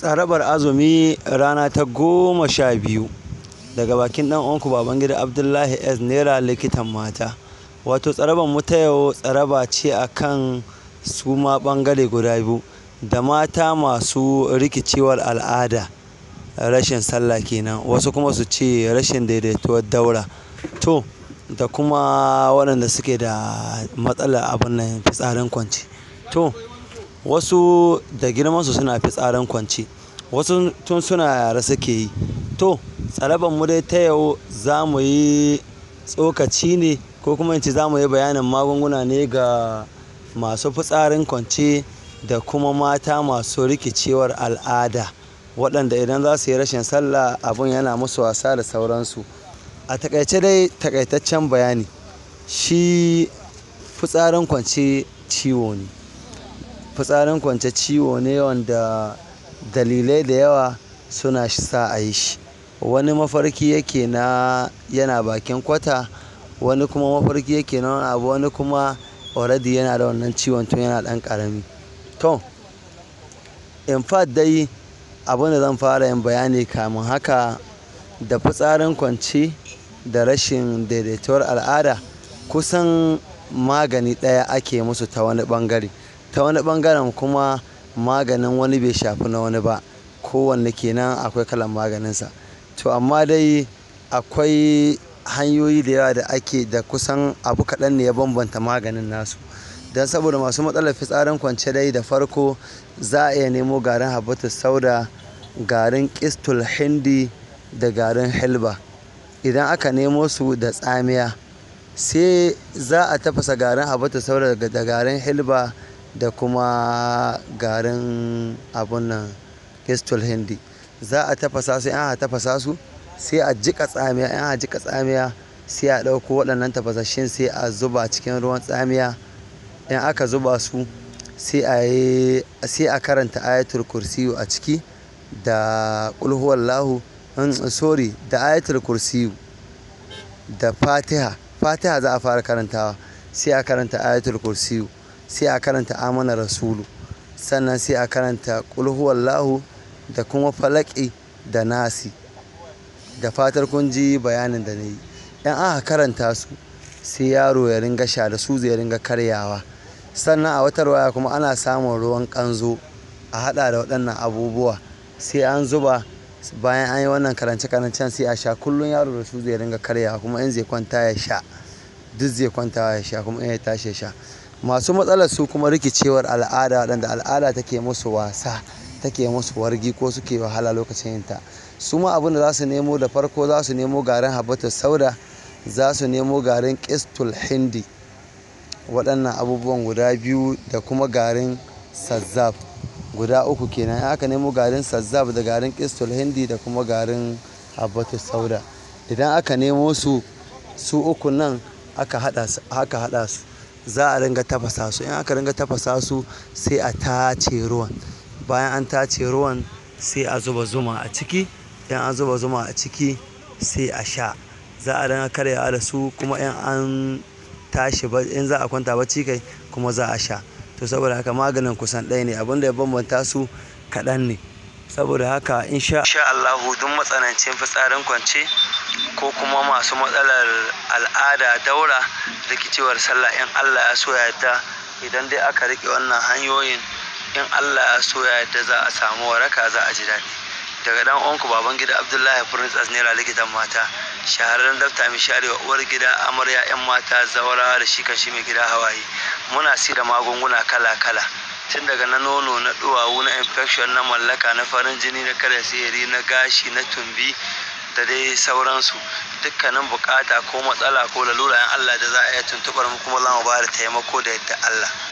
tsarabar azumi rana ta goma sha biyu daga bakin dan uwanku baban gida abdullahi s naira likitan mata wato tsarabar muta ta yau tsaraba ce akan su ma bangare guda biyu da mata masu rikicewar al'ada rashin sallah kenan wasu kuma su ce rashin daidaituwar daura to da kuma waɗanda suke da matsala abin nan fitsarin kwanci to wasu da girmansu suna fi tsarin kwance wasu tun suna yara suke yi to tsaraban mu dai ta yau za mu yi tsokaci ne ko kuma in ce za mu yi bayanin magunguna ne ga masu fitsarin kwance da kuma mata masu rikicewar al'ada waɗanda idan za su yi rashin sallah abin yana musu wasa da sauransu a takaice dai takaitaccen bayani shi fitsarin kwance ciwo ne fitsarin kwance ciwo ne wanda dalilai da yawa suna sa a yi shi wani mafarki yake na yana bakin kwata wani kuma mafarki yake na wani abu wani kuma already yana da wannan ciwon tun yana dan karami to in fact dai abin da zan fara yin bayani kamun haka da fitsarin kwance da rashin daidaituwar al'ada kusan magani ɗaya ake musu ta wani bangare ta wani bangaren kuma maganin wani bai shafi na wani ba kowanne kenan akwai kalan maganinsa to amma dai akwai hanyoyi da yawa da ake da kusan abu kaɗan ne ya bambanta maganin nasu don saboda masu matsalar fitsarin kwance dai da farko za a iya nemo garin habatus sauda garin kistul hindi da garin helba idan aka nemo su da tsamiya sai za a tafasa garin habatus sauda da garin hilba. da kuma garin abun nan pistol hindi za a tafasa su yan a tafasa su sai a jika tsamiya yan a jika tsamiya sai a ɗauko waɗannan tafasashin sai a zuba cikin ruwan tsamiya in aka zuba su sai a karanta ayatul kursiyu a ciki da ƙulhuwallahu sorry da ayatul kursiyu da fatiha fatiha za a fara karantawa sai a karanta ayatul kursiyu sai a karanta amana rasulu sannan sai a karanta kulhuwallahu da kuma falaki da nasi da fatar kun ji bayanin da na yi yan aka karanta su sai yaro ya ringa sha da su zai ringa karyawa sannan a wata waya kuma ana samun ruwan kanzo a hada da waɗannan abubuwa sai an zuba bayan an yi wannan karance karancen sai a sha kullum yaro da su zai ringa karyawa kuma in zai kwanta ya sha duk zai kwanta ya sha kuma in ya tashi ya sha masu matsalar su kuma rikicewar al'ada waɗanda al'ada take musu wasa take musu wargi ko suke wahala lokacin yinta su ma abin da za su nemo da farko za su nemo garin habbatus sauda za su nemo garin kistul hindi waɗannan abubuwan guda biyu da kuma garin sazzab guda uku kenan aka nemo garin sazzab da garin kistul hindi da kuma garin habbatus sauda idan aka nemo su su uku nan aka haɗa su za a ringa tafasa su in aka ringa tafasa su sai a tace ruwan bayan an tace ruwan sai a zuba zuma a ciki in an zuba zuma a ciki sai a sha za a ringa karyawa da su kuma in an tashi in za a kwanta bacci kai kuma za a sha to saboda haka maganin kusan ɗaya ne abinda ya bambanta su kaɗan ne saboda haka insha Allah duk matsanancin fitsarin kwance ko kuma masu matsalar al'ada daura rikicewar sallah in allah ya so yadda idan dai aka rike wannan hanyoyin in allah ya so yadda za a samu waraka za a ji daɗi daga dan uwanku baban gida abdullahi prince asnera likitan mata shahararren dafta mai sharewa uwar gida amarya yan mata zaura da shi kashi mai gida hawaye muna si da magunguna kala kala tun daga na nono na duwawu na infection na mallaka na farin jini na kada sihiri na gashi na tumbi da dai sauransu dukkanin bukata ko matsala ko lalura in Allah da za a iya tuntubar mu kuma za mu ba da taimako da yadda Allah